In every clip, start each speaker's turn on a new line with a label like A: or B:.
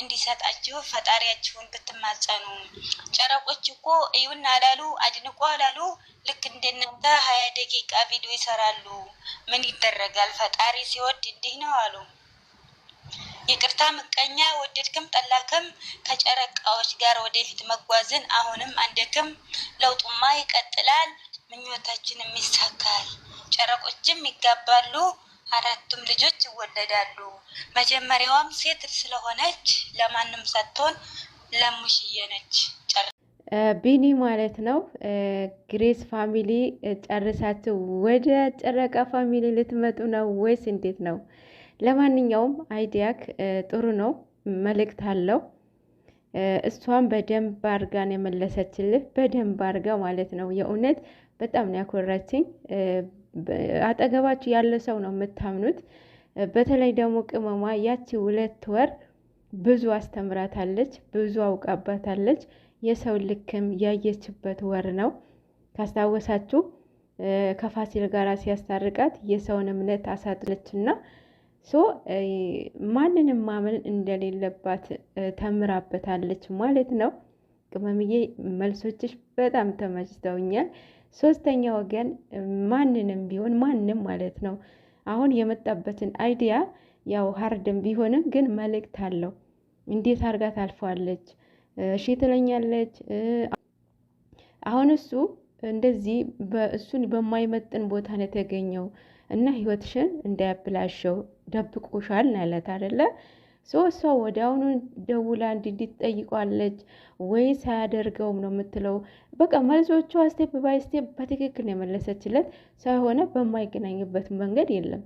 A: እንዲሰጣችሁ ፈጣሪያችሁን ብትማጸኑ። ጨረቆች እኮ እዩን አላሉ አድንቆ አላሉ። ልክ እንደናንተ ሀያ ደቂቃ ቪዲዮ ይሰራሉ። ምን ይደረጋል? ፈጣሪ ሲወድ እንዲህ ነው አሉ። ይቅርታ ምቀኛ፣ ወደድክም ጠላክም ከጨረቃዎች ጋር ወደፊት መጓዝን አሁንም አንደክም። ለውጡማ ይቀጥላል፣ ምኞታችንም ይሳካል፣ ጨረቆችም ይጋባሉ። አራቱም ልጆች ይወለዳሉ። መጀመሪያዋም ሴት ስለሆነች ለማንም ሳትሆን ለሙሽዬ ነች።
B: ቢኒ ማለት ነው። ግሬስ ፋሚሊ ጨርሳችሁ ወደ ጨረቃ ፋሚሊ ልትመጡ ነው ወይስ እንዴት ነው? ለማንኛውም አይዲያክ ጥሩ ነው፣ መልእክት አለው። እሷን በደንብ አርጋን የመለሰችልህ፣ በደንብ አድርጋ ማለት ነው። የእውነት በጣም ነው ያኮራችኝ። አጠገባችሁ ያለ ሰው ነው የምታምኑት። በተለይ ደግሞ ቅመሟ ያቺ ሁለት ወር ብዙ አስተምራታለች፣ ብዙ አውቃባታለች። የሰው ልክም ያየችበት ወር ነው። ካስታወሳችሁ ከፋሲል ጋር ሲያስታርቃት የሰውን እምነት አሳጥለች እና ሶ ማንንም ማመን እንደሌለባት ተምራበታለች ማለት ነው። ቅመምዬ መልሶችሽ በጣም ተመችተውኛል። ሶስተኛ ወገን ማንንም ቢሆን ማንም ማለት ነው። አሁን የመጣበትን አይዲያ ያው ሀርድም ቢሆንም ግን መልእክት አለው። እንዴት አርጋ ታልፈዋለች? እሺ ትለኛለች። አሁን እሱ እንደዚህ እሱን በማይመጥን ቦታ ነው የተገኘው እና ህይወትሽን እንዳያብላሸው ደብቆሻል ናለት አደለ እሷ ወዲያውኑ ደውላ እንዲህ ትጠይቋለች ወይ ሳያደርገውም ነው የምትለው። በቃ መልሶቹ ስቴፕ ባይ ስቴፕ በትክክል የመለሰችለት ሳይሆነ በማይገናኝበት መንገድ የለም።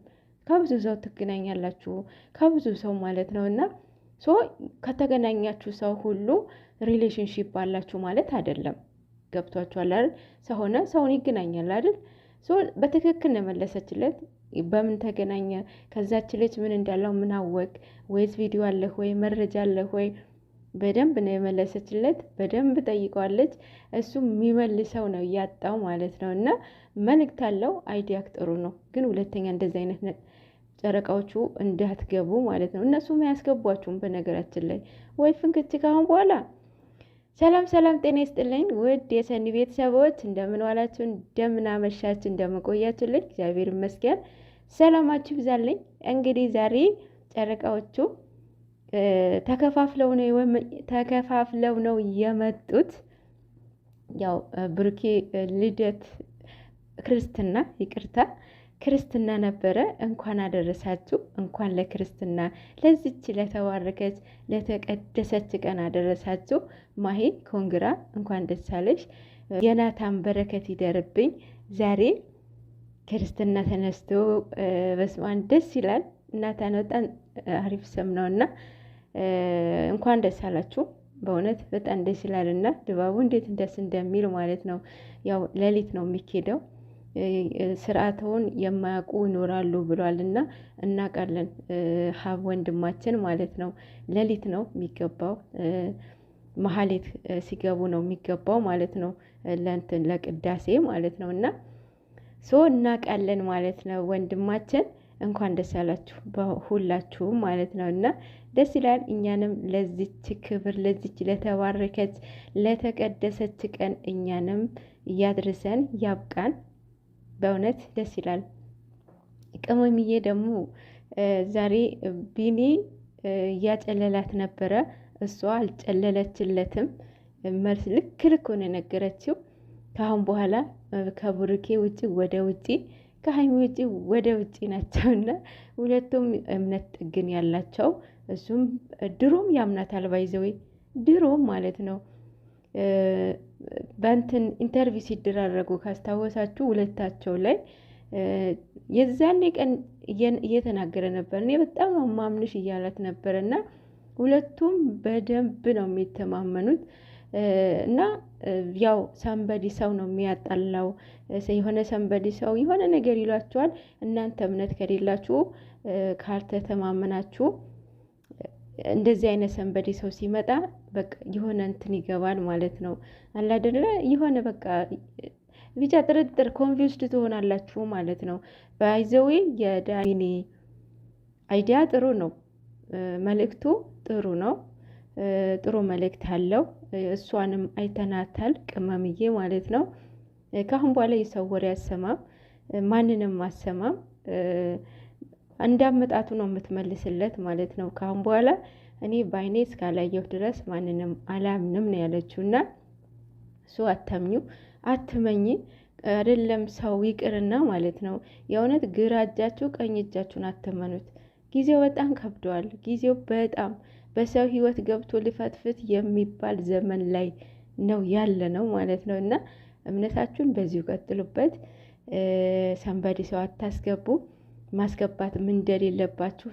B: ከብዙ ሰው ትገናኛላችሁ ከብዙ ሰው ማለት ነው እና ሶ ከተገናኛችሁ ሰው ሁሉ ሪሌሽንሽፕ አላችሁ ማለት አይደለም። ገብቷችኋል አይደል? ሰሆነ ሰውን ይገናኛል አይደል? ሶ በትክክል ነው የመለሰችለት። በምን ተገናኘ፣ ከዛች ልጅ ምን እንዳለው ምን አወቅ፣ ወይስ ቪዲዮ አለህ ወይ መረጃ አለህ ወይ? በደንብ ነው የመለሰችለት። በደንብ ጠይቀዋለች። እሱ የሚመልሰው ነው እያጣው ማለት ነው። እና መልእክት አለው። አይዲያክ ጥሩ ነው፣ ግን ሁለተኛ እንደዚ አይነት ጨረቃዎቹ እንዳትገቡ ማለት ነው። እነሱም አያስገቧችሁም። በነገራችን ላይ ወይ ፍንክች ካሁን በኋላ ሰላም ሰላም፣ ጤና ይስጥልኝ ውድ የሰኒ ቤተሰቦች እንደምን ዋላችሁ፣ እንደምን አመሻችሁ፣ እንደምን ቆያችሁልኝ? እግዚአብሔር ይመስገን ሰላማችሁ ይብዛልኝ። እንግዲህ ዛሬ ጨረቃዎቹ ተከፋፍለው ነው ተከፋፍለው ነው የመጡት። ያው ብሩኬ ልደት ክርስትና ይቅርታ ክርስትና ነበረ። እንኳን አደረሳችሁ፣ እንኳን ለክርስትና ለዚች ለተባረከች ለተቀደሰች ቀን አደረሳችሁ። ማሂ ኮንግራ፣ እንኳን ደስ አለሽ። የናታን በረከት ይደርብኝ። ዛሬ ክርስትና ተነስቶ በስማን ደስ ይላል። እናታን በጣም አሪፍ ስም ነው እና እንኳን ደስ አላችሁ። በእውነት በጣም ደስ ይላል እና ድባቡ እንዴት ደስ እንደሚል ማለት ነው። ያው ሌሊት ነው የሚኬደው ስርዓተውን የማያውቁ ይኖራሉ ብሏል እና እናውቃለን። ሀብ ወንድማችን ማለት ነው። ሌሊት ነው የሚገባው መሀሌት ሲገቡ ነው የሚገባው ማለት ነው። ለእንትን ለቅዳሴ ማለት ነው እና ሶ እናውቃለን ማለት ነው ወንድማችን እንኳን ደስ ያላችሁ በሁላችሁም ማለት ነው እና ደስ ይላል። እኛንም ለዚች ክብር ለዚች ለተባረከች ለተቀደሰች ቀን እኛንም እያድርሰን ያብቃን። በእውነት ደስ ይላል። ቅመምዬ ደግሞ ዛሬ ቢኒ እያጨለላት ነበረ። እሷ አልጨለለችለትም። መልስ ልክ ልክ ሆነ ነገረችው። ከአሁን በኋላ ከብሩኬ ውጭ ወደ ውጭ ከሀይሚ ውጭ ወደ ውጭ ናቸውና ሁለቱም እምነት ጥግን ያላቸው እሱም ድሮም ያምናታል ባይዘዌ ድሮም ማለት ነው በንትን ኢንተርቪው ሲደራረጉ ካስታወሳችሁ ሁለታቸው ላይ የዛኔ ቀን እየተናገረ ነበር። እኔ በጣም ነው ማምንሽ እያላት ነበር። እና ሁለቱም በደንብ ነው የሚተማመኑት። እና ያው ሰንበዲ ሰው ነው የሚያጣላው። የሆነ ሰንበዲ ሰው የሆነ ነገር ይሏቸዋል። እናንተ እምነት ከሌላችሁ ካልተተማመናችሁ እንደዚህ አይነት ሰንበዴ ሰው ሲመጣ በቃ የሆነ እንትን ይገባል ማለት ነው አላደለ የሆነ በቃ ብቻ ጥርጥር ኮንፊውስድ ትሆናላችሁ ማለት ነው። በይዘዌ የዳኒ አይዲያ ጥሩ ነው፣ መልእክቱ ጥሩ ነው። ጥሩ መልእክት አለው። እሷንም አይተናታል ቅመምዬ ማለት ነው። ከአሁን በኋላ የሰው ወሬ አሰማም፣ ማንንም አሰማም። እንዳመጣቱ ነው የምትመልስለት ማለት ነው። ካሁን በኋላ እኔ በአይኔ እስካላየሁ ድረስ ማንንም አላምንም ነው ያለችው እና እሱ አተምኙ አትመኝ አይደለም ሰው ይቅርና ማለት ነው። የእውነት ግራ እጃችሁ ቀኝ እጃችሁን አተመኑት። ጊዜው በጣም ከብደዋል። ጊዜው በጣም በሰው ህይወት ገብቶ ልፈትፍት የሚባል ዘመን ላይ ነው ያለ ነው ማለት ነው እና እምነታችሁን በዚሁ ቀጥሉበት። ሰንበዲ ሰው አታስገቡ። ማስገባት ምን እንደሌለባችሁ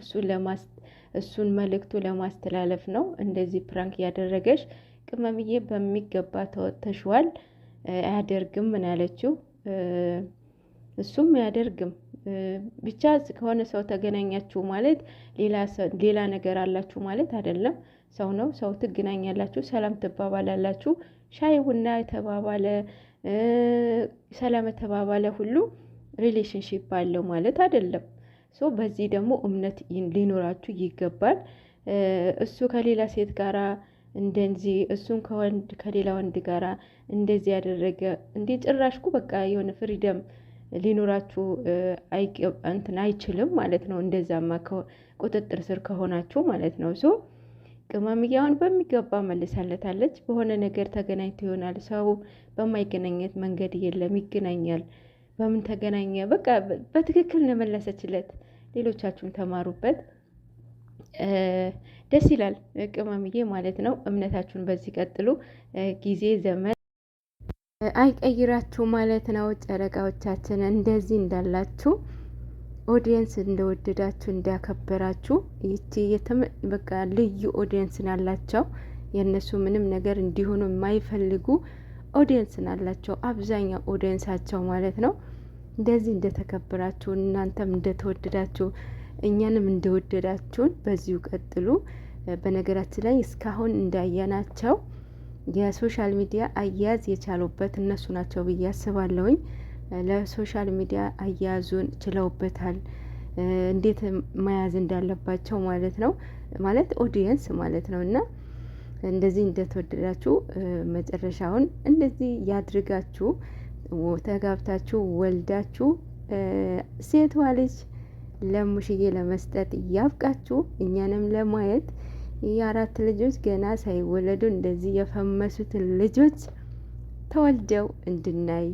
B: እሱን መልእክቱ ለማስተላለፍ ነው። እንደዚህ ፕራንክ ያደረገች ቅመምዬ በሚገባ ተወጥተሽዋል። አያደርግም ምን አለችው? እሱም አያደርግም ብቻ ከሆነ ሰው ተገናኛችሁ ማለት ሌላ ነገር አላችሁ ማለት አይደለም። ሰው ነው ሰው ትገናኛላችሁ፣ ሰላም ትባባላላችሁ። ሻይ ቡና የተባባለ ሰላም የተባባለ ሁሉ ሪሌሽንሽፕ አለው ማለት አይደለም። ሶ በዚህ ደግሞ እምነት ሊኖራችሁ ይገባል። እሱ ከሌላ ሴት ጋራ እንደዚህ እሱን ከወንድ ከሌላ ወንድ ጋራ እንደዚህ ያደረገ እንዴ ጭራሽኩ በቃ የሆነ ፍሪደም ሊኖራችሁ እንትን አይችልም ማለት ነው። እንደዛማ ቁጥጥር ስር ከሆናችሁ ማለት ነው። ሶ ቅመምዬውን በሚገባ መልሳለታለች። በሆነ ነገር ተገናኝቶ ይሆናል። ሰው በማይገናኘት መንገድ የለም ይገናኛል። በምን ተገናኘ? በቃ በትክክል ነው የመለሰችለት። ሌሎቻችሁም ተማሩበት። ደስ ይላል ቅመምዬ ማለት ነው። እምነታችሁን በዚህ ቀጥሉ። ጊዜ ዘመን አይቀይራችሁ ማለት ነው። ጨረቃዎቻችን እንደዚህ እንዳላችሁ ኦዲየንስ እንደወደዳችሁ እንዳከበራችሁ፣ ይቺ በቃ ልዩ ኦዲየንስ ያላቸው የእነሱ ምንም ነገር እንዲሆኑ የማይፈልጉ ኦዲየንስ ናላቸው አብዛኛው ኦዲየንሳቸው ማለት ነው። እንደዚህ እንደተከበራችሁ እናንተም እንደተወደዳችሁ እኛንም እንደወደዳችሁን በዚሁ ቀጥሉ። በነገራችን ላይ እስካሁን እንዳየናቸው የሶሻል ሚዲያ አያያዝ የቻሉበት እነሱ ናቸው ብዬ አስባለሁኝ። ለሶሻል ሚዲያ አያያዙን ችለውበታል። እንዴት መያዝ እንዳለባቸው ማለት ነው ማለት ኦዲየንስ ማለት ነው እና እንደዚህ እንደተወደዳችሁ መጨረሻውን እንደዚህ ያድርጋችሁ። ተጋብታችሁ ወልዳችሁ ሴቷ ልጅ ለሙሽዬ ለመስጠት እያብቃችሁ እኛንም ለማየት የአራት ልጆች ገና ሳይወለዱ እንደዚህ የፈመሱትን ልጆች ተወልደው እንድናይ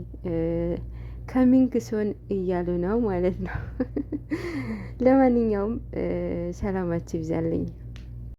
B: ሶን እያሉ ነው ማለት ነው። ለማንኛውም ሰላማችሁ ይብዛልኝ።